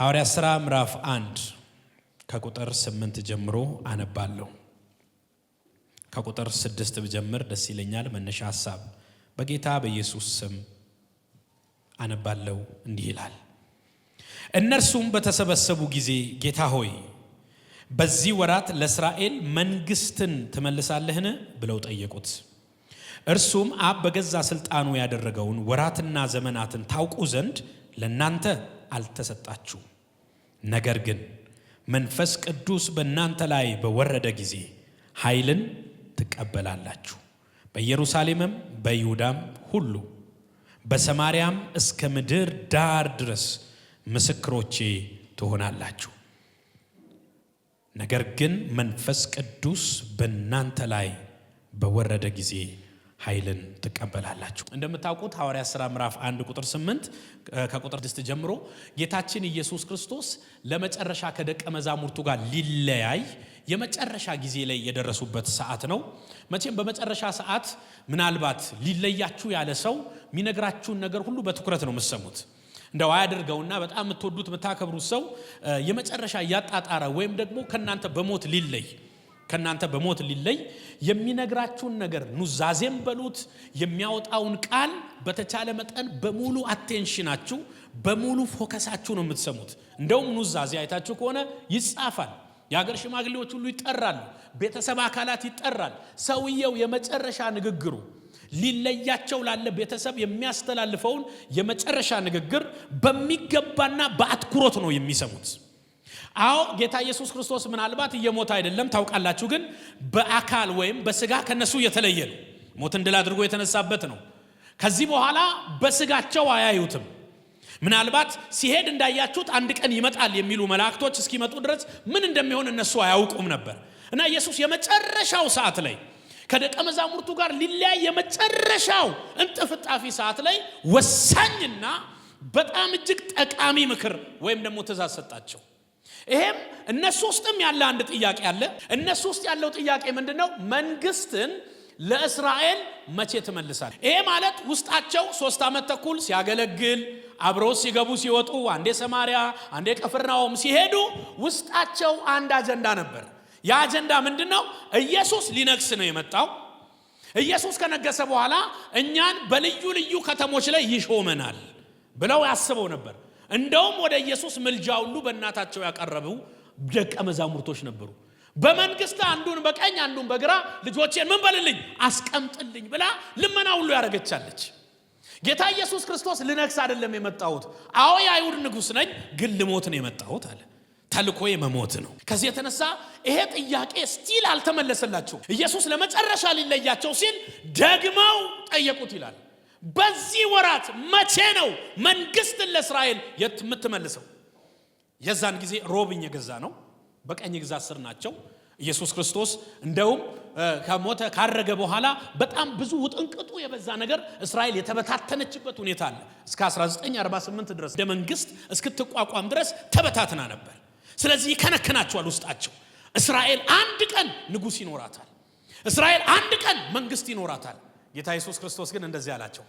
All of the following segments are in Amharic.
ሐዋርያ ሥራ ምዕራፍ አንድ ከቁጥር ስምንት ጀምሮ አነባለሁ። ከቁጥር ስድስት ብጀምር ደስ ይለኛል። መነሻ ሐሳብ በጌታ በኢየሱስ ስም አነባለሁ። እንዲህ ይላል። እነርሱም በተሰበሰቡ ጊዜ ጌታ ሆይ በዚህ ወራት ለእስራኤል መንግስትን ትመልሳለህን? ብለው ጠየቁት። እርሱም አብ በገዛ ስልጣኑ ያደረገውን ወራትና ዘመናትን ታውቁ ዘንድ ለእናንተ አልተሰጣችሁም። ነገር ግን መንፈስ ቅዱስ በእናንተ ላይ በወረደ ጊዜ ኃይልን ትቀበላላችሁ። በኢየሩሳሌምም በይሁዳም ሁሉ በሰማርያም እስከ ምድር ዳር ድረስ ምስክሮቼ ትሆናላችሁ። ነገር ግን መንፈስ ቅዱስ በእናንተ ላይ በወረደ ጊዜ ኃይልን ትቀበላላችሁ። እንደምታውቁት ሐዋርያ ሥራ ምዕራፍ 1 ቁጥር 8 ከቁጥር 6 ጀምሮ ጌታችን ኢየሱስ ክርስቶስ ለመጨረሻ ከደቀ መዛሙርቱ ጋር ሊለያይ የመጨረሻ ጊዜ ላይ የደረሱበት ሰዓት ነው። መቼም በመጨረሻ ሰዓት ምናልባት ሊለያችሁ ያለ ሰው የሚነግራችሁን ነገር ሁሉ በትኩረት ነው የምትሰሙት። እንደው አያደርገውና በጣም የምትወዱት የምታከብሩት ሰው የመጨረሻ እያጣጣረ ወይም ደግሞ ከእናንተ በሞት ሊለይ ከእናንተ በሞት ሊለይ የሚነግራችሁን ነገር ኑዛዜም በሉት የሚያወጣውን ቃል በተቻለ መጠን በሙሉ አቴንሽናችሁ በሙሉ ፎከሳችሁ ነው የምትሰሙት። እንደውም ኑዛዜ አይታችሁ ከሆነ ይጻፋል። የሀገር ሽማግሌዎች ሁሉ ይጠራሉ። ቤተሰብ አካላት ይጠራል። ሰውየው የመጨረሻ ንግግሩ ሊለያቸው ላለ ቤተሰብ የሚያስተላልፈውን የመጨረሻ ንግግር በሚገባና በአትኩሮት ነው የሚሰሙት። አዎ ጌታ ኢየሱስ ክርስቶስ ምናልባት እየሞተ አይደለም ታውቃላችሁ። ግን በአካል ወይም በስጋ ከነሱ እየተለየ ነው። ሞትን ድል አድርጎ የተነሳበት ነው። ከዚህ በኋላ በስጋቸው አያዩትም። ምናልባት ሲሄድ እንዳያችሁት አንድ ቀን ይመጣል የሚሉ መላእክቶች እስኪመጡ ድረስ ምን እንደሚሆን እነሱ አያውቁም ነበር እና ኢየሱስ የመጨረሻው ሰዓት ላይ ከደቀ መዛሙርቱ ጋር ሊለያይ የመጨረሻው እንጥፍጣፊ ሰዓት ላይ ወሳኝና በጣም እጅግ ጠቃሚ ምክር ወይም ደግሞ ትእዛዝ ሰጣቸው። ይሄም እነሱ ውስጥም ያለ አንድ ጥያቄ አለ። እነሱ ውስጥ ያለው ጥያቄ ምንድን ነው? መንግስትን ለእስራኤል መቼ ትመልሳል? ይሄ ማለት ውስጣቸው ሶስት ዓመት ተኩል ሲያገለግል አብረው ሲገቡ ሲወጡ፣ አንዴ ሰማሪያ አንዴ ቀፍርናውም ሲሄዱ ውስጣቸው አንድ አጀንዳ ነበር። ያ አጀንዳ ምንድን ነው? ኢየሱስ ሊነግስ ነው የመጣው። ኢየሱስ ከነገሰ በኋላ እኛን በልዩ ልዩ ከተሞች ላይ ይሾመናል ብለው ያስበው ነበር። እንደውም ወደ ኢየሱስ ምልጃ ሁሉ በእናታቸው ያቀረቡ ደቀ መዛሙርቶች ነበሩ። በመንግስት አንዱን በቀኝ አንዱን በግራ ልጆቼን ምን በልልኝ አስቀምጥልኝ ብላ ልመና ሁሉ ያደረገቻለች። ጌታ ኢየሱስ ክርስቶስ ልነግስ አይደለም የመጣሁት፣ አዎ የአይሁድ ንጉሥ ነኝ፣ ግን ልሞት ነው የመጣሁት አለ። ተልኮዬ መሞት ነው። ከዚህ የተነሳ ይሄ ጥያቄ ስቲል አልተመለሰላቸው። ኢየሱስ ለመጨረሻ ሊለያቸው ሲል ደግመው ጠየቁት ይላል። በዚህ ወራት መቼ ነው መንግስትን ለእስራኤል የምትመልሰው? የዛን ጊዜ ሮብኝ የገዛ ነው፣ በቀኝ ግዛት ስር ናቸው። ኢየሱስ ክርስቶስ እንደውም ከሞተ ካረገ በኋላ በጣም ብዙ ውጥንቅጡ የበዛ ነገር እስራኤል የተበታተነችበት ሁኔታ አለ። እስከ 1948 ድረስ ደመንግስት እስክትቋቋም ድረስ ተበታትና ነበር። ስለዚህ ይከነከናቸዋል ውስጣቸው። እስራኤል አንድ ቀን ንጉሥ ይኖራታል። እስራኤል አንድ ቀን መንግስት ይኖራታል። ጌታ ኢየሱስ ክርስቶስ ግን እንደዚህ አላቸው።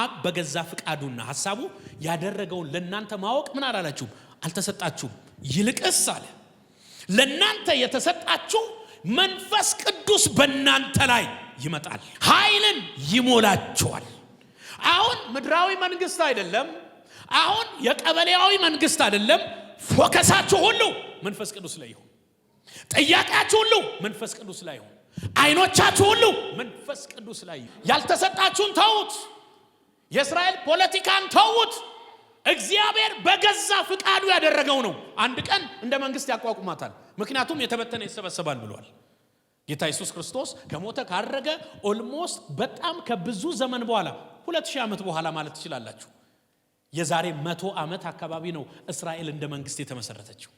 አብ በገዛ ፍቃዱና ሀሳቡ ያደረገውን ለእናንተ ማወቅ ምን አላላችሁም፣ አልተሰጣችሁም። ይልቅስ አለ ለእናንተ የተሰጣችሁ መንፈስ ቅዱስ በእናንተ ላይ ይመጣል፣ ኃይልን ይሞላችኋል። አሁን ምድራዊ መንግስት አይደለም፣ አሁን የቀበሌያዊ መንግስት አይደለም። ፎከሳችሁ ሁሉ መንፈስ ቅዱስ ላይ ይሁን። ጥያቄያችሁ ሁሉ መንፈስ ቅዱስ ላይ ይሁን። አይኖቻችሁ ሁሉ መንፈስ ቅዱስ ላይ ያልተሰጣችሁን ተዉት። የእስራኤል ፖለቲካን ተዉት። እግዚአብሔር በገዛ ፍቃዱ ያደረገው ነው። አንድ ቀን እንደ መንግስት ያቋቁማታል። ምክንያቱም የተበተነ ይሰበሰባል ብሏል ጌታ ኢየሱስ ክርስቶስ ከሞተ ካረገ ኦልሞስት በጣም ከብዙ ዘመን በኋላ ሁለት ሺህ ዓመት በኋላ ማለት ትችላላችሁ። የዛሬ መቶ ዓመት አካባቢ ነው እስራኤል እንደ መንግስት የተመሰረተችው።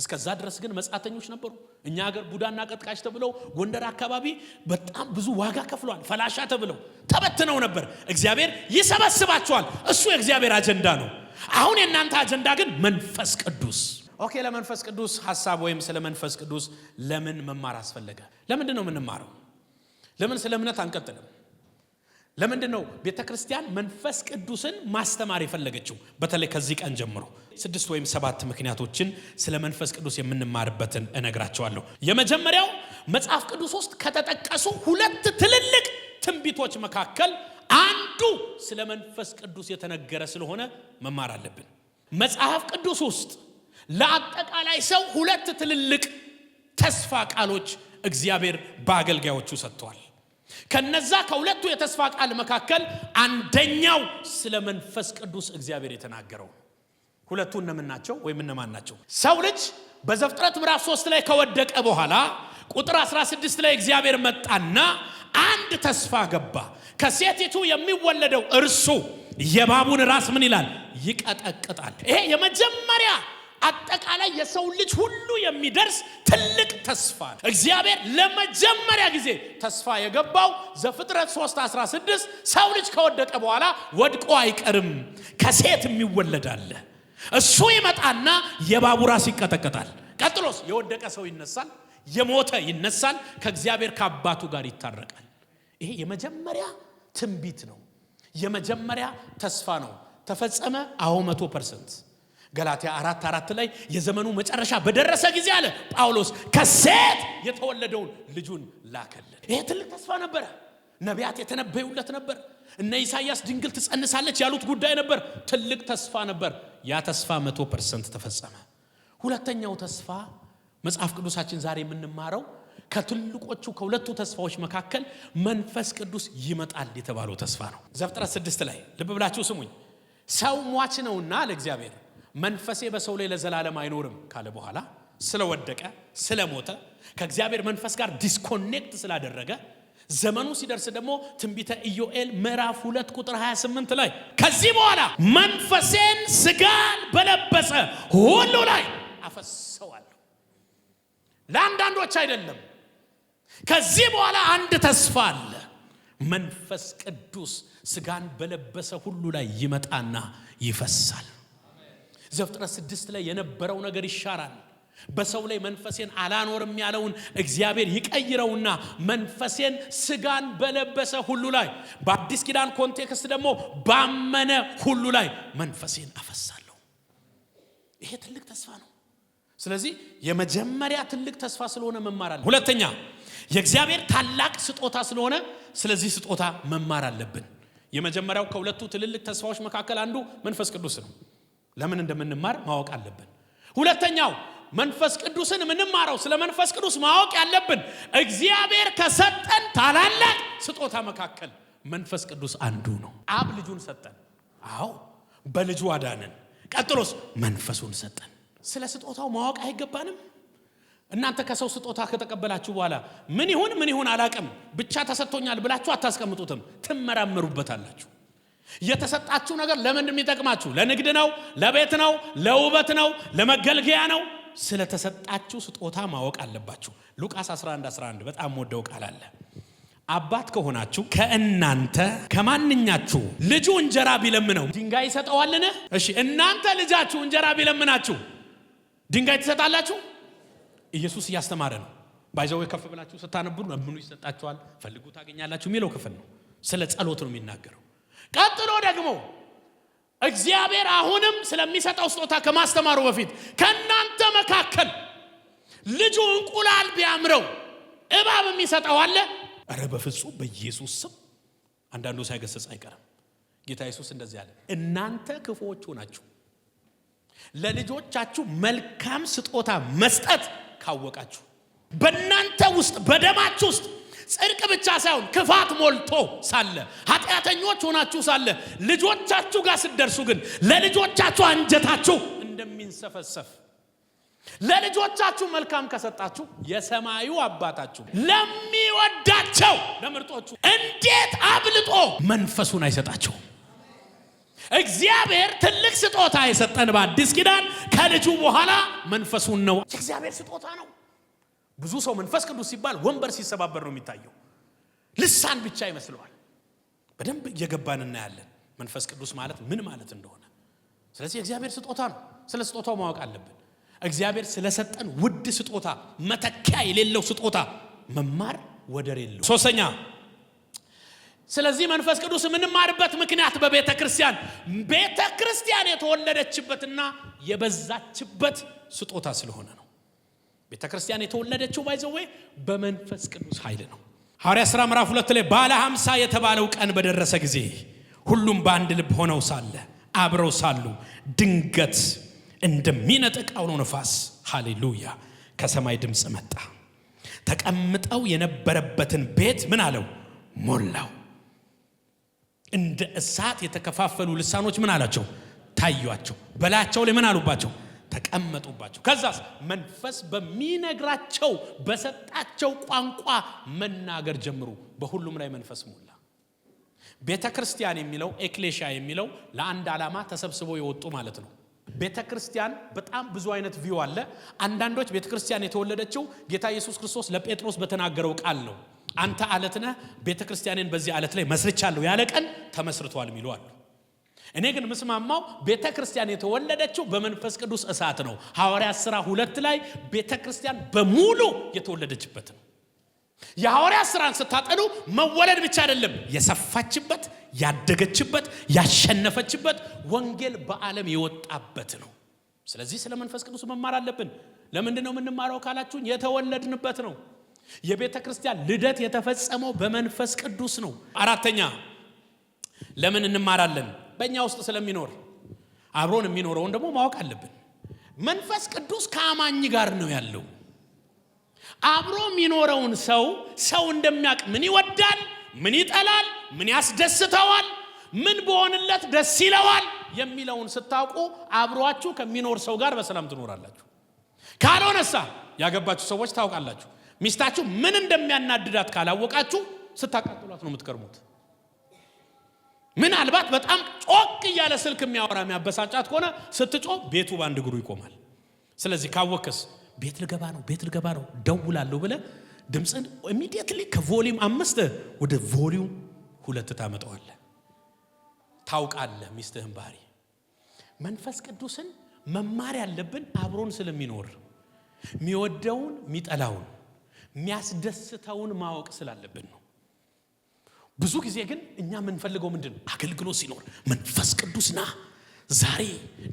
እስከዛ ድረስ ግን መጻተኞች ነበሩ። እኛ ሀገር ቡዳና ቀጥቃሽ ተብለው ጎንደር አካባቢ በጣም ብዙ ዋጋ ከፍለዋል። ፈላሻ ተብለው ተበትነው ነበር። እግዚአብሔር ይሰበስባቸዋል። እሱ የእግዚአብሔር አጀንዳ ነው። አሁን የእናንተ አጀንዳ ግን መንፈስ ቅዱስ። ኦኬ፣ ለመንፈስ ቅዱስ ሀሳብ ወይም ስለ መንፈስ ቅዱስ ለምን መማር አስፈለገ? ለምንድን ነው የምንማረው? ለምን ስለ እምነት አንቀጥልም? ለምንድን ነው ቤተ ክርስቲያን መንፈስ ቅዱስን ማስተማር የፈለገችው? በተለይ ከዚህ ቀን ጀምሮ ስድስት ወይም ሰባት ምክንያቶችን ስለ መንፈስ ቅዱስ የምንማርበትን እነግራቸዋለሁ። የመጀመሪያው መጽሐፍ ቅዱስ ውስጥ ከተጠቀሱ ሁለት ትልልቅ ትንቢቶች መካከል አንዱ ስለ መንፈስ ቅዱስ የተነገረ ስለሆነ መማር አለብን። መጽሐፍ ቅዱስ ውስጥ ለአጠቃላይ ሰው ሁለት ትልልቅ ተስፋ ቃሎች እግዚአብሔር በአገልጋዮቹ ሰጥተዋል። ከነዛ ከሁለቱ የተስፋ ቃል መካከል አንደኛው ስለ መንፈስ ቅዱስ እግዚአብሔር የተናገረው ሁለቱ እነምን ናቸው ወይም እነማን ናቸው? ሰው ልጅ በዘፍጥረት ምዕራፍ 3 ላይ ከወደቀ በኋላ ቁጥር 16 ላይ እግዚአብሔር መጣና አንድ ተስፋ ገባ። ከሴቲቱ የሚወለደው እርሱ የባቡን ራስ ምን ይላል? ይቀጠቅጣል። ይሄ የመጀመሪያ አጠቃላይ የሰው ልጅ ሁሉ የሚደርስ ትልቅ ተስፋ ነው። እግዚአብሔር ለመጀመሪያ ጊዜ ተስፋ የገባው ዘፍጥረት 3 16 ሰው ልጅ ከወደቀ በኋላ ወድቆ አይቀርም ከሴት የሚወለዳል። እሱ ይመጣና የባቡራስ ይቀጠቀጣል። ቀጥሎስ የወደቀ ሰው ይነሳል፣ የሞተ ይነሳል፣ ከእግዚአብሔር ከአባቱ ጋር ይታረቃል። ይሄ የመጀመሪያ ትንቢት ነው። የመጀመሪያ ተስፋ ነው። ተፈጸመ? አዎ መቶ ፐርሰንት ገላትያ አራት አራት ላይ የዘመኑ መጨረሻ በደረሰ ጊዜ አለ ጳውሎስ ከሴት የተወለደውን ልጁን ላከልን። ይሄ ትልቅ ተስፋ ነበረ። ነቢያት የተነበዩለት ነበር። እነ ኢሳይያስ ድንግል ትጸንሳለች ያሉት ጉዳይ ነበር። ትልቅ ተስፋ ነበር። ያ ተስፋ መቶ ፐርሰንት ተፈጸመ። ሁለተኛው ተስፋ መጽሐፍ ቅዱሳችን ዛሬ የምንማረው ከትልቆቹ ከሁለቱ ተስፋዎች መካከል መንፈስ ቅዱስ ይመጣል የተባለው ተስፋ ነው። ዘፍጥረት ስድስት ላይ ልብ ብላችሁ ስሙኝ። ሰው ሟች ነውና ለእግዚአብሔር መንፈሴ በሰው ላይ ለዘላለም አይኖርም ካለ በኋላ ስለወደቀ ስለሞተ ከእግዚአብሔር መንፈስ ጋር ዲስኮኔክት ስላደረገ ዘመኑ ሲደርስ ደግሞ ትንቢተ ኢዮኤል ምዕራፍ ሁለት ቁጥር 28 ላይ ከዚህ በኋላ መንፈሴን ስጋን በለበሰ ሁሉ ላይ አፈሰዋለሁ። ለአንዳንዶች አይደለም። ከዚህ በኋላ አንድ ተስፋ አለ። መንፈስ ቅዱስ ስጋን በለበሰ ሁሉ ላይ ይመጣና ይፈሳል። ዘፍጥረት ስድስት ላይ የነበረው ነገር ይሻራል። በሰው ላይ መንፈሴን አላኖርም ያለውን እግዚአብሔር ይቀይረውና መንፈሴን ስጋን በለበሰ ሁሉ ላይ በአዲስ ኪዳን ኮንቴክስት ደግሞ ባመነ ሁሉ ላይ መንፈሴን አፈሳለሁ። ይሄ ትልቅ ተስፋ ነው። ስለዚህ የመጀመሪያ ትልቅ ተስፋ ስለሆነ መማር አለ። ሁለተኛ የእግዚአብሔር ታላቅ ስጦታ ስለሆነ ስለዚህ ስጦታ መማር አለብን። የመጀመሪያው ከሁለቱ ትልልቅ ተስፋዎች መካከል አንዱ መንፈስ ቅዱስ ነው። ለምን እንደምንማር ማወቅ አለብን። ሁለተኛው መንፈስ ቅዱስን የምንማረው ስለ መንፈስ ቅዱስ ማወቅ ያለብን እግዚአብሔር ከሰጠን ታላላቅ ስጦታ መካከል መንፈስ ቅዱስ አንዱ ነው። አብ ልጁን ሰጠን። አዎ በልጁ አዳንን። ቀጥሎስ መንፈሱን ሰጠን። ስለ ስጦታው ማወቅ አይገባንም? እናንተ ከሰው ስጦታ ከተቀበላችሁ በኋላ ምን ይሁን ምን ይሁን አላቅም ብቻ ተሰጥቶኛል ብላችሁ አታስቀምጡትም፣ ትመራመሩበታላችሁ። የተሰጣችሁ ነገር ለምንድን የሚጠቅማችሁ? ለንግድ ነው? ለቤት ነው? ለውበት ነው? ለመገልገያ ነው? ስለተሰጣችሁ ስጦታ ማወቅ አለባችሁ። ሉቃስ 11 11 በጣም ወደው ቃል አለ። አባት ከሆናችሁ ከእናንተ ከማንኛችሁ ልጁ እንጀራ ቢለምነው ድንጋይ ይሰጠዋልን? እሺ እናንተ ልጃችሁ እንጀራ ቢለምናችሁ ድንጋይ ትሰጣላችሁ? ኢየሱስ እያስተማረ ነው። ባይዘው ከፍ ብላችሁ ስታነብሩ ለምኑ ይሰጣችኋል፣ ፈልጉ ታገኛላችሁ የሚለው ክፍል ነው። ስለ ጸሎት ነው የሚናገረው። ቀጥሎ ደግሞ እግዚአብሔር አሁንም ስለሚሰጠው ስጦታ ከማስተማሩ በፊት ከእናንተ መካከል ልጁ እንቁላል ቢያምረው እባብ የሚሰጠው አለ? እረ በፍጹም በኢየሱስ ስም አንዳንዱ ሳይገሰጽ አይቀርም። ጌታ ኢየሱስ እንደዚህ አለ፣ እናንተ ክፉዎቹ ናችሁ ለልጆቻችሁ መልካም ስጦታ መስጠት ካወቃችሁ፣ በእናንተ ውስጥ በደማችሁ ውስጥ ጽድቅ ብቻ ሳይሆን ክፋት ሞልቶ ሳለ ኃጢአተኞች ሆናችሁ ሳለ ልጆቻችሁ ጋር ስደርሱ ግን ለልጆቻችሁ አንጀታችሁ እንደሚንሰፈሰፍ ለልጆቻችሁ መልካም ከሰጣችሁ የሰማዩ አባታችሁ ለሚወዳቸው ለምርጦቹ እንዴት አብልጦ መንፈሱን አይሰጣቸው? እግዚአብሔር ትልቅ ስጦታ የሰጠን በአዲስ ኪዳን ከልጁ በኋላ መንፈሱን ነው። እግዚአብሔር ስጦታ ነው። ብዙ ሰው መንፈስ ቅዱስ ሲባል ወንበር ሲሰባበር ነው የሚታየው። ልሳን ብቻ ይመስለዋል። በደንብ እየገባን እናያለን መንፈስ ቅዱስ ማለት ምን ማለት እንደሆነ። ስለዚህ እግዚአብሔር ስጦታ ነው። ስለ ስጦታው ማወቅ አለብን። እግዚአብሔር ስለሰጠን ውድ ስጦታ፣ መተኪያ የሌለው ስጦታ መማር ወደር የለው። ሶስተኛ ስለዚህ መንፈስ ቅዱስ የምንማርበት ምክንያት በቤተ ክርስቲያን ቤተ ክርስቲያን የተወለደችበትና የበዛችበት ስጦታ ስለሆነ ነው። ቤተ ክርስቲያን የተወለደችው ባይዘዌ በመንፈስ ቅዱስ ኃይል ነው። ሐዋርያ ሥራ ምዕራፍ ሁለት ላይ ባለ ሀምሳ የተባለው ቀን በደረሰ ጊዜ ሁሉም በአንድ ልብ ሆነው ሳለ አብረው ሳሉ ድንገት እንደሚነጥቅ አውሎ ነፋስ ሃሌሉያ ከሰማይ ድምፅ መጣ። ተቀምጠው የነበረበትን ቤት ምን አለው ሞላው። እንደ እሳት የተከፋፈሉ ልሳኖች ምን አላቸው ታዩአቸው። በላያቸው ላይ ምን አሉባቸው ተቀመጡባቸው። ከዛስ መንፈስ በሚነግራቸው በሰጣቸው ቋንቋ መናገር ጀምሩ። በሁሉም ላይ መንፈስ ሞላ። ቤተ ክርስቲያን የሚለው ኤክሌሻ የሚለው ለአንድ ዓላማ ተሰብስበው የወጡ ማለት ነው። ቤተ ክርስቲያን በጣም ብዙ አይነት ቪው አለ። አንዳንዶች ቤተ ክርስቲያን የተወለደችው ጌታ ኢየሱስ ክርስቶስ ለጴጥሮስ በተናገረው ቃል ነው። አንተ አለት ነህ፣ ቤተ ክርስቲያንን በዚህ አለት ላይ መስርቻለሁ ያለ ቀን ተመስርቷል የሚሉ አሉ። እኔ ግን ምስማማው ቤተ ክርስቲያን የተወለደችው በመንፈስ ቅዱስ እሳት ነው። ሐዋርያ ሥራ ሁለት ላይ ቤተ ክርስቲያን በሙሉ የተወለደችበት ነው። የሐዋርያ ሥራን ስታጠኑ መወለድ ብቻ አይደለም፣ የሰፋችበት፣ ያደገችበት፣ ያሸነፈችበት ወንጌል በዓለም የወጣበት ነው። ስለዚህ ስለ መንፈስ ቅዱስ መማር አለብን። ለምንድን ነው የምንማረው ካላችሁን፣ የተወለድንበት ነው። የቤተ ክርስቲያን ልደት የተፈጸመው በመንፈስ ቅዱስ ነው። አራተኛ ለምን እንማራለን? በእኛ ውስጥ ስለሚኖር አብሮን የሚኖረውን ደግሞ ማወቅ አለብን። መንፈስ ቅዱስ ከአማኝ ጋር ነው ያለው። አብሮ የሚኖረውን ሰው ሰው እንደሚያውቅ ምን ይወዳል፣ ምን ይጠላል፣ ምን ያስደስተዋል፣ ምን በሆንለት ደስ ይለዋል የሚለውን ስታውቁ አብሯችሁ ከሚኖር ሰው ጋር በሰላም ትኖራላችሁ። ካልሆነሳ ያገባችሁ ሰዎች ታውቃላችሁ፣ ሚስታችሁ ምን እንደሚያናድዳት ካላወቃችሁ ስታቃጥሏት ነው የምትቀርሙት። ምናልባት በጣም ጮቅ እያለ ስልክ የሚያወራ የሚያበሳጫት ከሆነ ስትጮ ቤቱ በአንድ እግሩ ይቆማል። ስለዚህ ካወክስ ቤት ልገባ ነው ቤት ልገባ ነው ደውላለሁ ብለ ድምፅን ኢሚዲየትሊ ከቮሊዩም አምስት ወደ ቮሊዩም ሁለት ታመጠዋለ። ታውቃለህ ሚስትህን ባህሪ። መንፈስ ቅዱስን መማር ያለብን አብሮን ስለሚኖር የሚወደውን የሚጠላውን የሚያስደስተውን ማወቅ ስላለብን ነው። ብዙ ጊዜ ግን እኛ የምንፈልገው ምንድን ነው? አገልግሎት ሲኖር መንፈስ ቅዱስ ና ዛሬ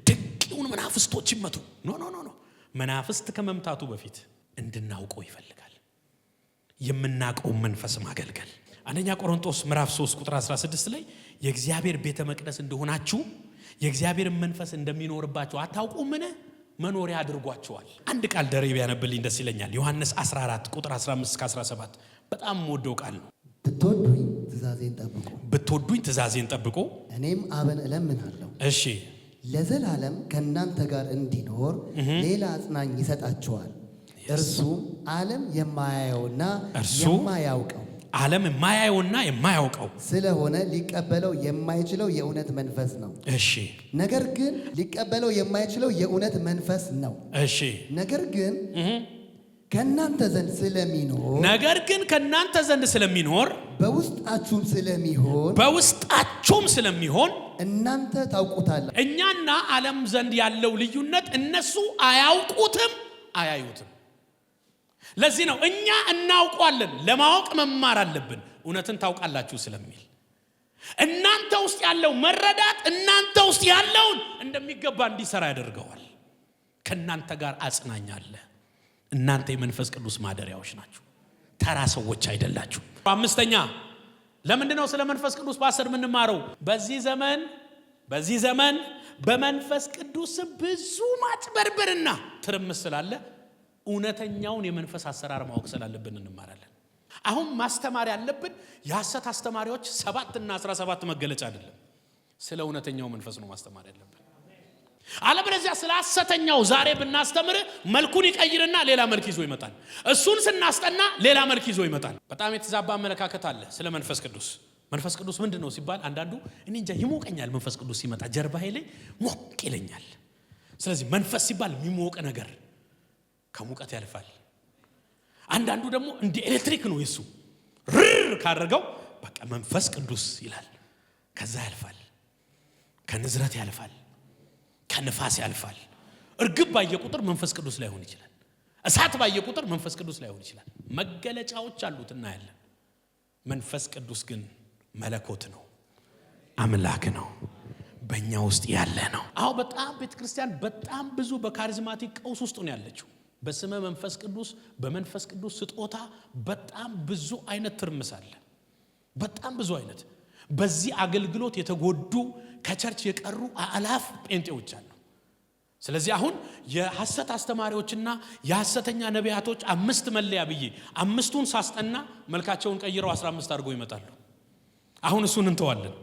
ደቂውን መናፍስቶች ይመቱ። ኖ ኖ ኖ፣ መናፍስት ከመምታቱ በፊት እንድናውቀው ይፈልጋል። የምናቀው መንፈስ ማገልገል። አንደኛ ቆሮንጦስ ምዕራፍ 3 ቁጥር 16 ላይ የእግዚአብሔር ቤተ መቅደስ እንደሆናችሁ የእግዚአብሔርን መንፈስ እንደሚኖርባቸው አታውቁምን? መኖሪያ አድርጓቸዋል። አንድ ቃል ደሬብ ያነብልኝ ደስ ይለኛል። ዮሐንስ 14 ቁጥር 15 እስከ 17 በጣም ወደው ቃል ነው። ትእዛዜን ጠብቁ፣ ብትወዱኝ ትእዛዜን ጠብቁ፣ እኔም አብን እለምናለሁ። እሺ ለዘላለም ከእናንተ ጋር እንዲኖር ሌላ አጽናኝ ይሰጣችኋል፣ እርሱም አለም የማያየውና የማያውቀው ዓለም የማያየውና የማያውቀው ስለሆነ ሊቀበለው የማይችለው የእውነት መንፈስ ነው። እሺ ነገር ግን ሊቀበለው የማይችለው የእውነት መንፈስ ነው። እሺ ነገር ግን ከእናንተ ዘንድ ስለሚኖር ነገር ግን ከእናንተ ዘንድ ስለሚኖር በውስጣችሁም ስለሚሆን በውስጣችሁም ስለሚሆን እናንተ ታውቁታላችሁ። እኛና ዓለም ዘንድ ያለው ልዩነት እነሱ አያውቁትም፣ አያዩትም። ለዚህ ነው እኛ እናውቋለን፣ ለማወቅ መማር አለብን፣ እውነትን ታውቃላችሁ ስለሚል እናንተ ውስጥ ያለው መረዳት እናንተ ውስጥ ያለውን እንደሚገባ እንዲሰራ ያደርገዋል። ከእናንተ ጋር አጽናኛለህ እናንተ የመንፈስ ቅዱስ ማደሪያዎች ናችሁ። ተራ ሰዎች አይደላችሁ። አምስተኛ ለምንድን ነው ስለ መንፈስ ቅዱስ በአስር የምንማረው? በዚህ ዘመን በዚህ ዘመን በመንፈስ ቅዱስ ብዙ ማጭበርበርና ትርምስ ስላለ እውነተኛውን የመንፈስ አሰራር ማወቅ ስላለብን እንማራለን። አሁን ማስተማር ያለብን የሐሰት አስተማሪዎች ሰባት እና አስራ ሰባት መገለጫ አይደለም፣ ስለ እውነተኛው መንፈስ ነው ማስተማር ያለብን። አለበለዚያ ስለ ሐሰተኛው ዛሬ ብናስተምር መልኩን ይቀይርና ሌላ መልክ ይዞ ይመጣል። እሱን ስናስጠና ሌላ መልክ ይዞ ይመጣል። በጣም የተዛባ አመለካከት አለ ስለ መንፈስ ቅዱስ። መንፈስ ቅዱስ ምንድን ነው ሲባል አንዳንዱ እኔ እንጃ ይሞቀኛል፣ መንፈስ ቅዱስ ሲመጣ ጀርባዬ ላይ ሞቅ ይለኛል። ስለዚህ መንፈስ ሲባል የሚሞቅ ነገር ከሙቀት ያልፋል። አንዳንዱ ደግሞ እንደ ኤሌክትሪክ ነው የሱ ርር ካደረገው በቃ መንፈስ ቅዱስ ይላል። ከዛ ያልፋል፣ ከንዝረት ያልፋል ከንፋስ ያልፋል። እርግብ ባየ ቁጥር መንፈስ ቅዱስ ላይሆን ይችላል። እሳት ባየ ቁጥር መንፈስ ቅዱስ ላይሆን ይችላል። መገለጫዎች አሉት እናያለን። መንፈስ ቅዱስ ግን መለኮት ነው፣ አምላክ ነው፣ በእኛ ውስጥ ያለ ነው። አሁ በጣም ቤተ ክርስቲያን በጣም ብዙ በካሪዝማቲክ ቀውስ ውስጥ ነው ያለችው። በስመ መንፈስ ቅዱስ በመንፈስ ቅዱስ ስጦታ በጣም ብዙ አይነት ትርምስ አለ። በጣም ብዙ አይነት በዚህ አገልግሎት የተጎዱ ከቸርች የቀሩ አላፍ ጴንጤዎች አሉ። ስለዚህ አሁን የሐሰት አስተማሪዎችና የሐሰተኛ ነቢያቶች አምስት መለያ ብዬ አምስቱን ሳስጠና መልካቸውን ቀይረው አስራ አምስት አድርጎ ይመጣሉ። አሁን እሱን እንተዋለን።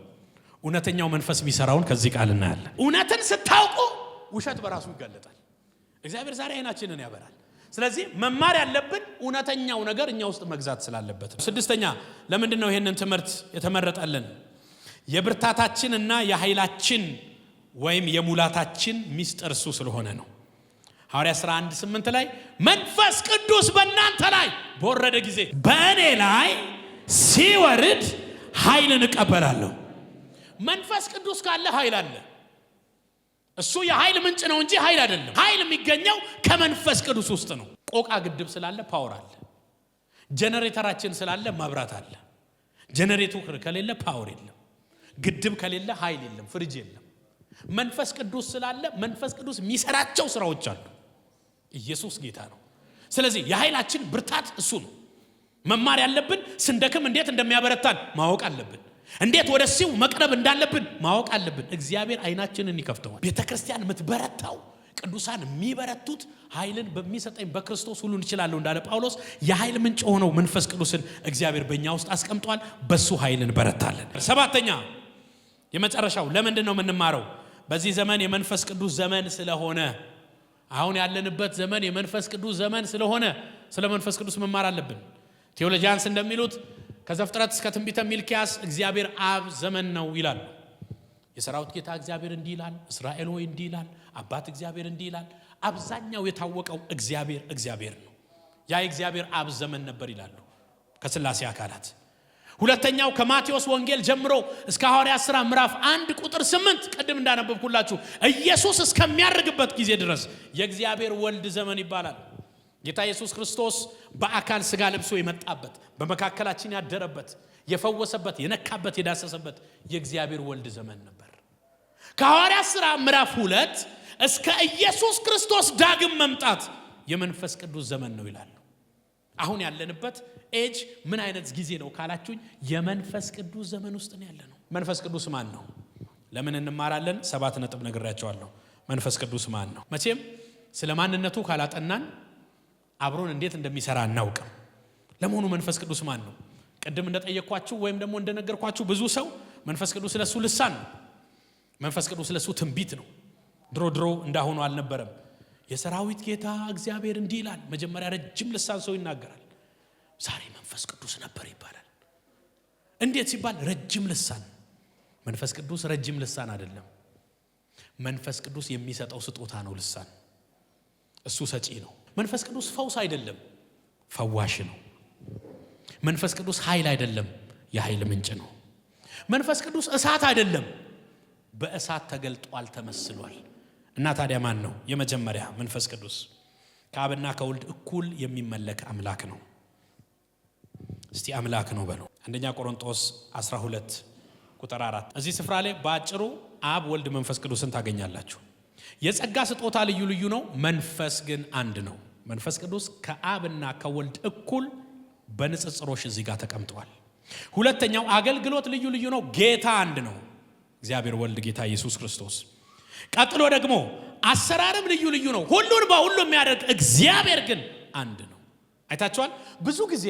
እውነተኛው መንፈስ የሚሰራውን ከዚህ ቃል እናያለን። እውነትን ስታውቁ ውሸት በራሱ ይጋለጣል። እግዚአብሔር ዛሬ አይናችንን ያበራል። ስለዚህ መማር ያለብን እውነተኛው ነገር እኛ ውስጥ መግዛት ስላለበት። ስድስተኛ ለምንድን ነው ይህንን ትምህርት የተመረጠልን? የብርታታችን እና የኃይላችን ወይም የሙላታችን ሚስጥር እሱ ስለሆነ ነው። ሐዋርያ ሥራ 1 8 ላይ መንፈስ ቅዱስ በእናንተ ላይ በወረደ ጊዜ በእኔ ላይ ሲወርድ ኃይልን እቀበላለሁ። መንፈስ ቅዱስ ካለ ኃይል አለ። እሱ የኃይል ምንጭ ነው እንጂ ኃይል አይደለም። ኃይል የሚገኘው ከመንፈስ ቅዱስ ውስጥ ነው። ቆቃ ግድብ ስላለ ፓወር አለ። ጀነሬተራችን ስላለ መብራት አለ። ጀነሬቱ ከሌለ ፓወር የለም። ግድብ ከሌለ ኃይል የለም፣ ፍርጅ የለም። መንፈስ ቅዱስ ስላለ መንፈስ ቅዱስ የሚሰራቸው ስራዎች አሉ። ኢየሱስ ጌታ ነው። ስለዚህ የኃይላችን ብርታት እሱ ነው። መማር ያለብን ስንደክም እንዴት እንደሚያበረታን ማወቅ አለብን። እንዴት ወደ ሲው መቅረብ እንዳለብን ማወቅ አለብን። እግዚአብሔር አይናችንን ይከፍተዋል። ቤተ ክርስቲያን የምትበረታው ቅዱሳን የሚበረቱት ኃይልን በሚሰጠኝ በክርስቶስ ሁሉ እንችላለሁ እንዳለ ጳውሎስ የኃይል ምንጭ የሆነው መንፈስ ቅዱስን እግዚአብሔር በእኛ ውስጥ አስቀምጧል። በሱ ኃይልን በረታለን። ሰባተኛ የመጨረሻው ለምንድን ነው የምንማረው? በዚህ ዘመን የመንፈስ ቅዱስ ዘመን ስለሆነ አሁን ያለንበት ዘመን የመንፈስ ቅዱስ ዘመን ስለሆነ ስለ መንፈስ ቅዱስ መማር አለብን። ቴዎሎጂያንስ እንደሚሉት ከዘፍጥረት እስከ ትንቢተ ሚልኪያስ እግዚአብሔር አብ ዘመን ነው ይላሉ። የሰራዊት ጌታ እግዚአብሔር እንዲህ ይላል፣ እስራኤል ሆይ እንዲህ ይላል፣ አባት እግዚአብሔር እንዲህ ይላል። አብዛኛው የታወቀው እግዚአብሔር እግዚአብሔር ነው። ያ የእግዚአብሔር አብ ዘመን ነበር ይላሉ ከስላሴ አካላት ሁለተኛው ከማቴዎስ ወንጌል ጀምሮ እስከ ሐዋርያት ሥራ ምዕራፍ አንድ ቁጥር ስምንት ቅድም እንዳነበብኩላችሁ ኢየሱስ እስከሚያርግበት ጊዜ ድረስ የእግዚአብሔር ወልድ ዘመን ይባላል። ጌታ ኢየሱስ ክርስቶስ በአካል ሥጋ ለብሶ የመጣበት በመካከላችን ያደረበት የፈወሰበት የነካበት የዳሰሰበት የእግዚአብሔር ወልድ ዘመን ነበር። ከሐዋርያት ሥራ ምዕራፍ ሁለት እስከ ኢየሱስ ክርስቶስ ዳግም መምጣት የመንፈስ ቅዱስ ዘመን ነው ይላሉ። አሁን ያለንበት ኤጅ ምን አይነት ጊዜ ነው ካላችሁኝ፣ የመንፈስ ቅዱስ ዘመን ውስጥ ያለ ነው። መንፈስ ቅዱስ ማን ነው? ለምን እንማራለን? ሰባት ነጥብ ነግራቸዋለሁ። መንፈስ ቅዱስ ማን ነው? መቼም ስለ ማንነቱ ካላጠናን አብሮን እንዴት እንደሚሰራ አናውቅም። ለመሆኑ መንፈስ ቅዱስ ማን ነው? ቅድም እንደጠየኳችሁ ወይም ደግሞ እንደነገርኳችሁ ብዙ ሰው መንፈስ ቅዱስ ለሱ ልሳን ነው። መንፈስ ቅዱስ ለሱ ትንቢት ነው። ድሮ ድሮ እንዳሁኑ አልነበረም። የሰራዊት ጌታ እግዚአብሔር እንዲህ ይላል። መጀመሪያ ረጅም ልሳን ሰው ይናገራል። ዛሬ መንፈስ ቅዱስ ነበር ይባላል። እንዴት ሲባል ረጅም ልሳን። መንፈስ ቅዱስ ረጅም ልሳን አይደለም። መንፈስ ቅዱስ የሚሰጠው ስጦታ ነው። ልሳን እሱ ሰጪ ነው። መንፈስ ቅዱስ ፈውስ አይደለም፣ ፈዋሽ ነው። መንፈስ ቅዱስ ኃይል አይደለም፣ የኃይል ምንጭ ነው። መንፈስ ቅዱስ እሳት አይደለም፣ በእሳት ተገልጧል፣ ተመስሏል። እና ታዲያ ማን ነው? የመጀመሪያ መንፈስ ቅዱስ ከአብና ከውልድ እኩል የሚመለክ አምላክ ነው። እስቲ አምላክ ነው በሉ። አንደኛ ቆሮንጦስ 12 ቁጥር 4 እዚህ ስፍራ ላይ በአጭሩ አብ፣ ወልድ፣ መንፈስ ቅዱስን ታገኛላችሁ። የጸጋ ስጦታ ልዩ ልዩ ነው፣ መንፈስ ግን አንድ ነው። መንፈስ ቅዱስ ከአብና ከወልድ እኩል በንጽጽሮች እዚህ ጋር ተቀምጠዋል። ሁለተኛው አገልግሎት ልዩ ልዩ ነው፣ ጌታ አንድ ነው፣ እግዚአብሔር ወልድ ጌታ ኢየሱስ ክርስቶስ። ቀጥሎ ደግሞ አሰራርም ልዩ ልዩ ነው፣ ሁሉን በሁሉ የሚያደርግ እግዚአብሔር ግን አንድ ነው። አይታችኋል ብዙ ጊዜ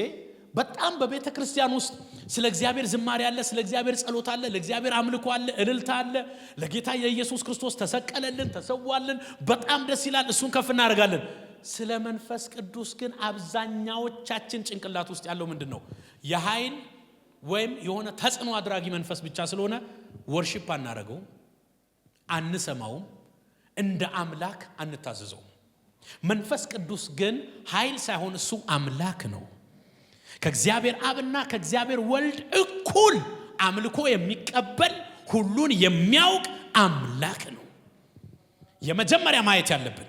በጣም በቤተ ክርስቲያን ውስጥ ስለ እግዚአብሔር ዝማሬ አለ፣ ስለ እግዚአብሔር ጸሎት አለ፣ ለእግዚአብሔር አምልኮ አለ፣ እልልታ አለ። ለጌታ የኢየሱስ ክርስቶስ ተሰቀለልን፣ ተሰዋልን፣ በጣም ደስ ይላል። እሱን ከፍ እናደርጋለን። ስለ መንፈስ ቅዱስ ግን አብዛኛዎቻችን ጭንቅላት ውስጥ ያለው ምንድን ነው? የኃይል ወይም የሆነ ተጽዕኖ አድራጊ መንፈስ ብቻ ስለሆነ ወርሺፕ አናደርገውም፣ አንሰማውም፣ እንደ አምላክ አንታዘዘውም። መንፈስ ቅዱስ ግን ኃይል ሳይሆን እሱ አምላክ ነው። ከእግዚአብሔር አብና ከእግዚአብሔር ወልድ እኩል አምልኮ የሚቀበል ሁሉን የሚያውቅ አምላክ ነው። የመጀመሪያ ማየት ያለብን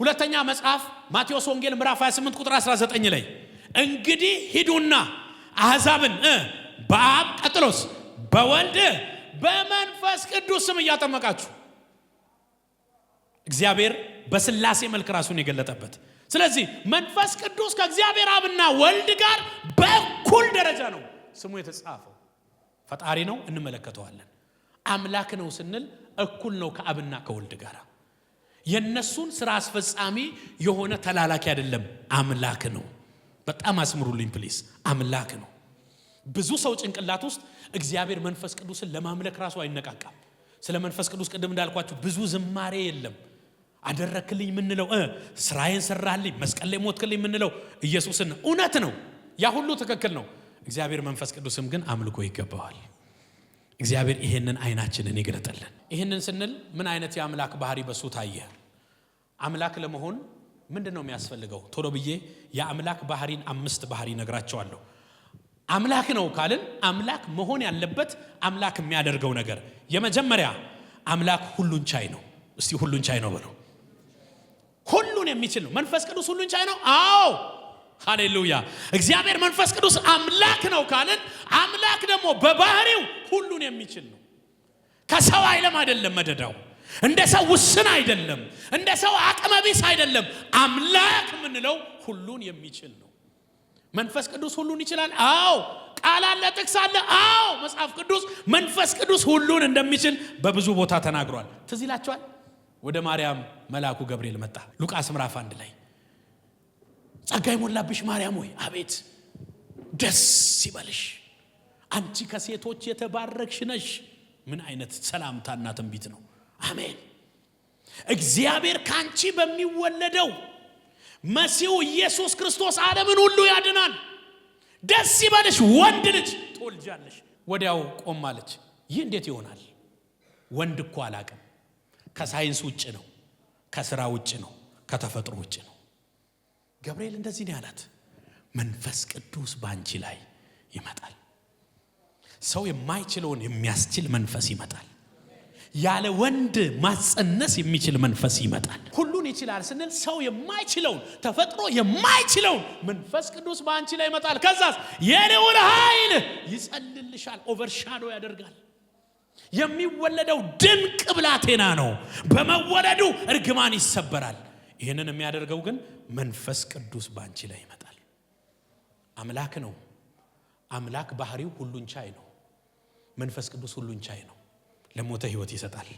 ሁለተኛ መጽሐፍ ማቴዎስ ወንጌል ምዕራፍ 28 ቁጥር 19 ላይ እንግዲህ ሂዱና አሕዛብን በአብ ቀጥሎስ በወልድ በመንፈስ ቅዱስ ስም እያጠመቃችሁ እግዚአብሔር በስላሴ መልክ ራሱን የገለጠበት ስለዚህ መንፈስ ቅዱስ ከእግዚአብሔር አብና ወልድ ጋር በኩል ደረጃ ነው ስሙ የተጻፈው። ፈጣሪ ነው እንመለከተዋለን። አምላክ ነው ስንል እኩል ነው ከአብና ከወልድ ጋር። የነሱን ስራ አስፈጻሚ የሆነ ተላላኪ አይደለም፣ አምላክ ነው። በጣም አስምሩልኝ ፕሊስ፣ አምላክ ነው። ብዙ ሰው ጭንቅላት ውስጥ እግዚአብሔር መንፈስ ቅዱስን ለማምለክ ራሱ አይነቃቃም። ስለ መንፈስ ቅዱስ ቅድም እንዳልኳቸው ብዙ ዝማሬ የለም። አደረክልኝ የምንለው ስራዬን ሰራልኝ፣ መስቀል ላይ ሞትክልኝ የምንለው ኢየሱስን እውነት ነው፣ ያ ሁሉ ትክክል ነው። እግዚአብሔር መንፈስ ቅዱስም ግን አምልኮ ይገባዋል። እግዚአብሔር ይሄንን አይናችንን ይግለጥልን። ይህንን ስንል ምን አይነት የአምላክ ባህሪ በሱ ታየ? አምላክ ለመሆን ምንድን ነው የሚያስፈልገው? ቶሎ ብዬ የአምላክ ባህሪን አምስት ባህሪ ነግራቸዋለሁ። አምላክ ነው ካልን አምላክ መሆን ያለበት አምላክ የሚያደርገው ነገር የመጀመሪያ አምላክ ሁሉን ቻይ ነው። እስቲ ሁሉን ቻይ ነው ብለው ሁሉን የሚችል ነው። መንፈስ ቅዱስ ሁሉን ቻይ ነው። አዎ ሃሌሉያ። እግዚአብሔር መንፈስ ቅዱስ አምላክ ነው ካልን አምላክ ደግሞ በባህሪው ሁሉን የሚችል ነው። ከሰው አይለም አይደለም መደዳው እንደ ሰው ውስን አይደለም፣ እንደ ሰው አቅመቢስ አይደለም። አምላክ የምንለው ሁሉን የሚችል ነው። መንፈስ ቅዱስ ሁሉን ይችላል። አዎ ቃል አለ፣ ጥቅስ አለ። አዎ መጽሐፍ ቅዱስ መንፈስ ቅዱስ ሁሉን እንደሚችል በብዙ ቦታ ተናግሯል። ትዝ ወደ ማርያም መልአኩ ገብርኤል መጣ። ሉቃስ ምራፍ አንድ ላይ ጸጋ የሞላብሽ ማርያም ሆይ አቤት ደስ ይበልሽ፣ አንቺ ከሴቶች የተባረክሽ ነሽ። ምን አይነት ሰላምታና ትንቢት ነው! አሜን። እግዚአብሔር ከአንቺ በሚወለደው መሲሁ ኢየሱስ ክርስቶስ ዓለምን ሁሉ ያድናል። ደስ ይበልሽ፣ ወንድ ልጅ ትወልጃለሽ። ወዲያው ቆም አለች። ይህ እንዴት ይሆናል? ወንድ እኮ አላቅም ከሳይንስ ውጭ ነው፣ ከስራ ውጭ ነው፣ ከተፈጥሮ ውጭ ነው። ገብርኤል እንደዚህ ነው ያላት፣ መንፈስ ቅዱስ በአንቺ ላይ ይመጣል። ሰው የማይችለውን የሚያስችል መንፈስ ይመጣል። ያለ ወንድ ማጸነስ የሚችል መንፈስ ይመጣል። ሁሉን ይችላል ስንል ሰው የማይችለውን ተፈጥሮ የማይችለውን መንፈስ ቅዱስ በአንቺ ላይ ይመጣል። ከዛስ የኔውን ኃይል ይጸልልሻል፣ ኦቨርሻዶ ያደርጋል። የሚወለደው ድንቅ ብላቴና ነው። በመወለዱ እርግማን ይሰበራል። ይህንን የሚያደርገው ግን መንፈስ ቅዱስ ባንቺ ላይ ይመጣል። አምላክ ነው። አምላክ ባህሪው ሁሉን ቻይ ነው። መንፈስ ቅዱስ ሁሉን ቻይ ነው። ለሞተ ህይወት ይሰጣል።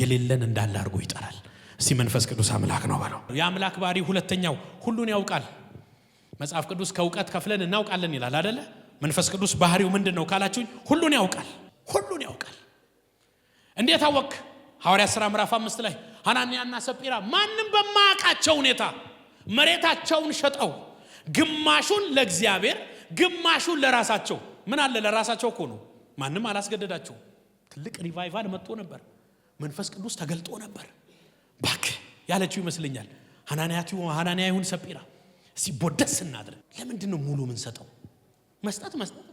የሌለን እንዳለ አድርጎ ይጠራል። እስቲ መንፈስ ቅዱስ አምላክ ነው በለው። የአምላክ ባህሪ ሁለተኛው ሁሉን ያውቃል። መጽሐፍ ቅዱስ ከእውቀት ከፍለን እናውቃለን ይላል አደለ? መንፈስ ቅዱስ ባህሪው ምንድን ነው ካላችሁኝ፣ ሁሉን ያውቃል። ሁሉን ያውቃል እንዴት አወቅ ሐዋርያ ሥራ ምዕራፍ አምስት ላይ ሐናንያና ሰጲራ ማንም በማያውቃቸው ሁኔታ መሬታቸውን ሸጠው ግማሹን ለእግዚአብሔር ግማሹን ለራሳቸው ምን አለ ለራሳቸው እኮ ነው ማንም አላስገደዳቸው ትልቅ ሪቫይቫል መጥቶ ነበር መንፈስ ቅዱስ ተገልጦ ነበር ባክ ያለችው ይመስለኛል ሐናንያ ይሁን ሰጲራ ሲቦደስ ቦደስ ለምንድን ነው ሙሉ የምንሰጠው መስጠት መስጠት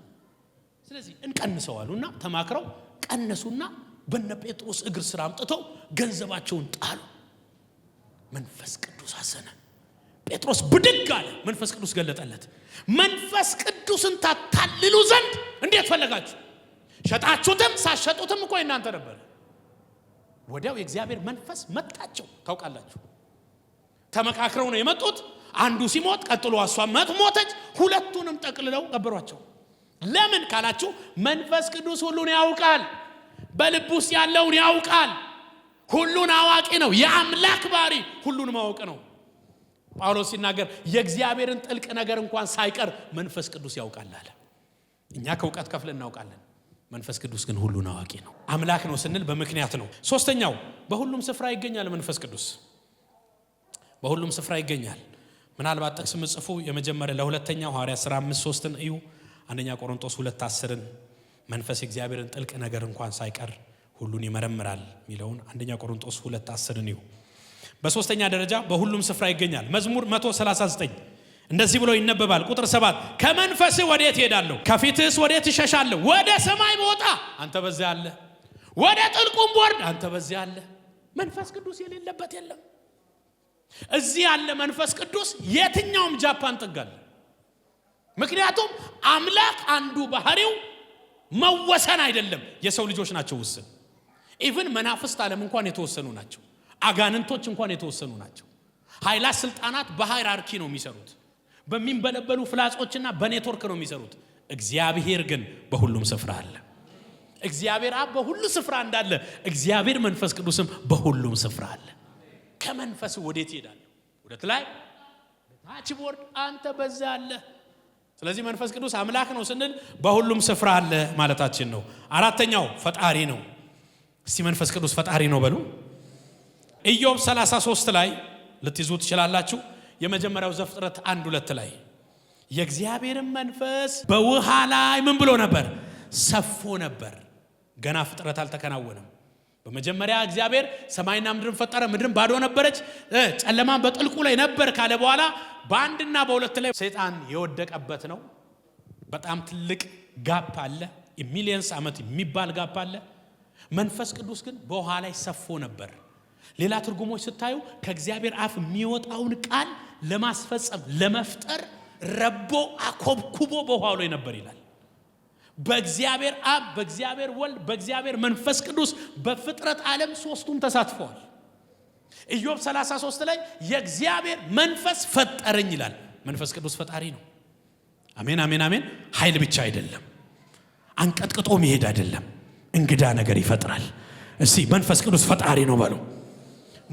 ስለዚህ እንቀንሰው አሉና ተማክረው ቀነሱና በነ ጴጥሮስ እግር ስራ አምጥተው ገንዘባቸውን ጣሉ። መንፈስ ቅዱስ አዘነ። ጴጥሮስ ብድግ አለ። መንፈስ ቅዱስ ገለጠለት። መንፈስ ቅዱስን ታታልሉ ዘንድ እንዴት ፈለጋችሁ? ሸጣችሁትም ሳሸጡትም እኮ እናንተ ነበር። ወዲያው የእግዚአብሔር መንፈስ መታቸው። ታውቃላችሁ፣ ተመካክረው ነው የመጡት። አንዱ ሲሞት ቀጥሎ እሷ ሞተች። ሁለቱንም ጠቅልለው ቀበሯቸው። ለምን ካላችሁ መንፈስ ቅዱስ ሁሉን ያውቃል። በልብ ውስጥ ያለውን ያውቃል። ሁሉን አዋቂ ነው። የአምላክ ባሪ ሁሉን ማወቅ ነው። ጳውሎስ ሲናገር የእግዚአብሔርን ጥልቅ ነገር እንኳን ሳይቀር መንፈስ ቅዱስ ያውቃል አለ። እኛ ከእውቀት ከፍለ እናውቃለን። መንፈስ ቅዱስ ግን ሁሉን አዋቂ ነው። አምላክ ነው ስንል በምክንያት ነው። ሶስተኛው በሁሉም ስፍራ ይገኛል። መንፈስ ቅዱስ በሁሉም ስፍራ ይገኛል። ምናልባት ጥቅስ ምጽፉ የመጀመሪያ ለሁለተኛው ሐዋርያ ሥራ አምስት ሶስትን እዩ አንደኛ ቆሮንጦስ ሁለት አስርን መንፈስ የእግዚአብሔርን ጥልቅ ነገር እንኳን ሳይቀር ሁሉን ይመረምራል የሚለውን አንደኛ ቆሮንጦስ ሁለት አስርን ይሁ በሶስተኛ ደረጃ በሁሉም ስፍራ ይገኛል። መዝሙር 139 እንደዚህ ብሎ ይነበባል። ቁጥር ሰባት ከመንፈስ ወዴት ትሄዳለሁ ከፊትስ ወዴት ትሸሻለሁ ወደ ሰማይ በወጣ አንተ በዚያ አለ፣ ወደ ጥልቁም ቦርድ አንተ በዚያ አለ። መንፈስ ቅዱስ የሌለበት የለም። እዚህ ያለ መንፈስ ቅዱስ የትኛውም ጃፓን ጥጋለ። ምክንያቱም አምላክ አንዱ ባህሪው መወሰን አይደለም። የሰው ልጆች ናቸው ውስን። ኢቭን መናፍስት ዓለም እንኳን የተወሰኑ ናቸው። አጋንንቶች እንኳን የተወሰኑ ናቸው። ኃይላት፣ ስልጣናት በሃይራርኪ ነው የሚሰሩት። በሚንበለበሉ ፍላጾችና በኔትወርክ ነው የሚሰሩት። እግዚአብሔር ግን በሁሉም ስፍራ አለ። እግዚአብሔር አብ በሁሉ ስፍራ እንዳለ እግዚአብሔር መንፈስ ቅዱስም በሁሉም ስፍራ አለ። ከመንፈስ ወዴት ይሄዳል? ወደት ላይ ታች ቦርድ አንተ በዛ አለ ስለዚህ መንፈስ ቅዱስ አምላክ ነው ስንል በሁሉም ስፍራ አለ ማለታችን ነው። አራተኛው ፈጣሪ ነው። እስቲ መንፈስ ቅዱስ ፈጣሪ ነው በሉ። ኢዮብ 33 ላይ ልትይዙ ትችላላችሁ። የመጀመሪያው ዘፍጥረት አንድ ሁለት ላይ የእግዚአብሔርን መንፈስ በውሃ ላይ ምን ብሎ ነበር? ሰፎ ነበር። ገና ፍጥረት አልተከናወነም። በመጀመሪያ እግዚአብሔር ሰማይና ምድርን ፈጠረ። ምድርን ባዶ ነበረች፣ ጨለማን በጥልቁ ላይ ነበር ካለ በኋላ በአንድና በሁለት ላይ ሰይጣን የወደቀበት ነው። በጣም ትልቅ ጋፕ አለ። ሚሊየንስ ዓመት የሚባል ጋፕ አለ። መንፈስ ቅዱስ ግን በውሃ ላይ ሰፎ ነበር። ሌላ ትርጉሞች ስታዩ ከእግዚአብሔር አፍ የሚወጣውን ቃል ለማስፈጸም ለመፍጠር ረቦ አኮብኩቦ በውሃው ላይ ነበር ይላል። በእግዚአብሔር አብ፣ በእግዚአብሔር ወልድ፣ በእግዚአብሔር መንፈስ ቅዱስ በፍጥረት ዓለም ሶስቱም ተሳትፈዋል። ኢዮብ 33 ላይ የእግዚአብሔር መንፈስ ፈጠረኝ ይላል። መንፈስ ቅዱስ ፈጣሪ ነው። አሜን አሜን አሜን። ኃይል ብቻ አይደለም፣ አንቀጥቅጦ መሄድ አይደለም፣ እንግዳ ነገር ይፈጥራል። እስቲ መንፈስ ቅዱስ ፈጣሪ ነው በሉ።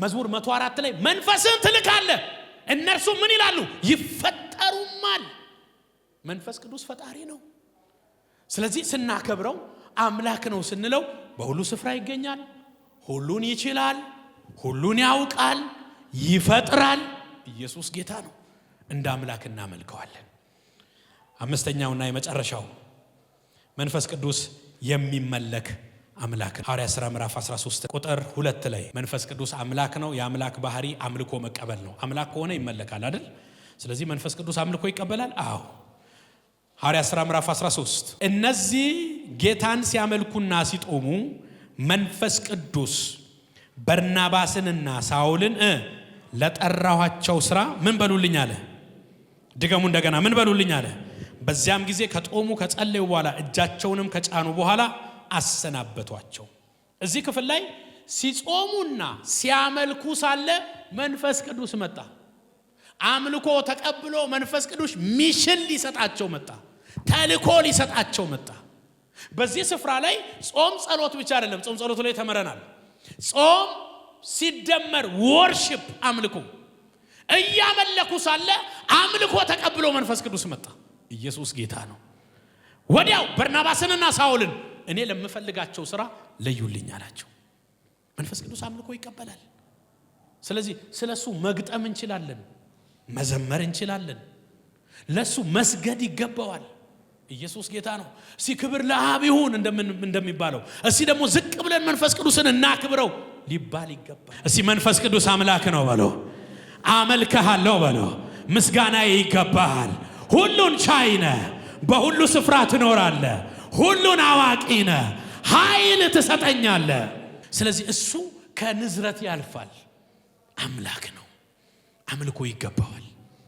መዝሙር 104 ላይ መንፈስን ትልካለ እነርሱ ምን ይላሉ? ይፈጠሩማል። መንፈስ ቅዱስ ፈጣሪ ነው። ስለዚህ ስናከብረው አምላክ ነው ስንለው በሁሉ ስፍራ ይገኛል፣ ሁሉን ይችላል፣ ሁሉን ያውቃል፣ ይፈጥራል። ኢየሱስ ጌታ ነው። እንደ አምላክ እናመልከዋለን። አምስተኛውና የመጨረሻው መንፈስ ቅዱስ የሚመለክ አምላክ ነው። ሐዋርያ ሥራ ምዕራፍ 13 ቁጥር ሁለት ላይ መንፈስ ቅዱስ አምላክ ነው። የአምላክ ባህሪ አምልኮ መቀበል ነው። አምላክ ከሆነ ይመለካል አይደል? ስለዚህ መንፈስ ቅዱስ አምልኮ ይቀበላል። አዎ ሐዋርያት ሥራ ምዕራፍ 13 እነዚህ ጌታን ሲያመልኩና ሲጦሙ መንፈስ ቅዱስ በርናባስንና ሳውልን ለጠራኋቸው ሥራ ምን በሉልኝ አለ። ድገሙ እንደገና ምን በሉልኝ አለ። በዚያም ጊዜ ከጦሙ ከጸለዩ በኋላ እጃቸውንም ከጫኑ በኋላ አሰናበቷቸው። እዚህ ክፍል ላይ ሲጾሙና ሲያመልኩ ሳለ መንፈስ ቅዱስ መጣ። አምልኮ ተቀብሎ መንፈስ ቅዱስ ሚሽን ሊሰጣቸው መጣ። ተልኮ ሊሰጣቸው መጣ። በዚህ ስፍራ ላይ ጾም ጸሎት ብቻ አይደለም። ጾም ጸሎቱ ላይ ተመረናል ጾም ሲደመር ወርሽፕ አምልኮ፣ እያመለኩ ሳለ አምልኮ ተቀብሎ መንፈስ ቅዱስ መጣ። ኢየሱስ ጌታ ነው። ወዲያው በርናባስንና ሳውልን እኔ ለምፈልጋቸው ስራ ለዩልኝ አላቸው። መንፈስ ቅዱስ አምልኮ ይቀበላል። ስለዚህ ስለ እሱ መግጠም እንችላለን፣ መዘመር እንችላለን፣ ለእሱ መስገድ ይገባዋል። ኢየሱስ ጌታ ነው። እሲ ክብር ለአብ ይሁን እንደሚባለው፣ እሲ ደግሞ ዝቅ ብለን መንፈስ ቅዱስን እናክብረው ሊባል ይገባል። እሲ መንፈስ ቅዱስ አምላክ ነው በለው፣ አመልክሃለሁ በለው፣ ምስጋና ይገባሃል። ሁሉን ቻይ ነ በሁሉ ስፍራ ትኖራለ፣ ሁሉን አዋቂ ነህ፣ ኃይል ትሰጠኛለ ስለዚህ እሱ ከንዝረት ያልፋል። አምላክ ነው፣ አምልኮ ይገባዋል።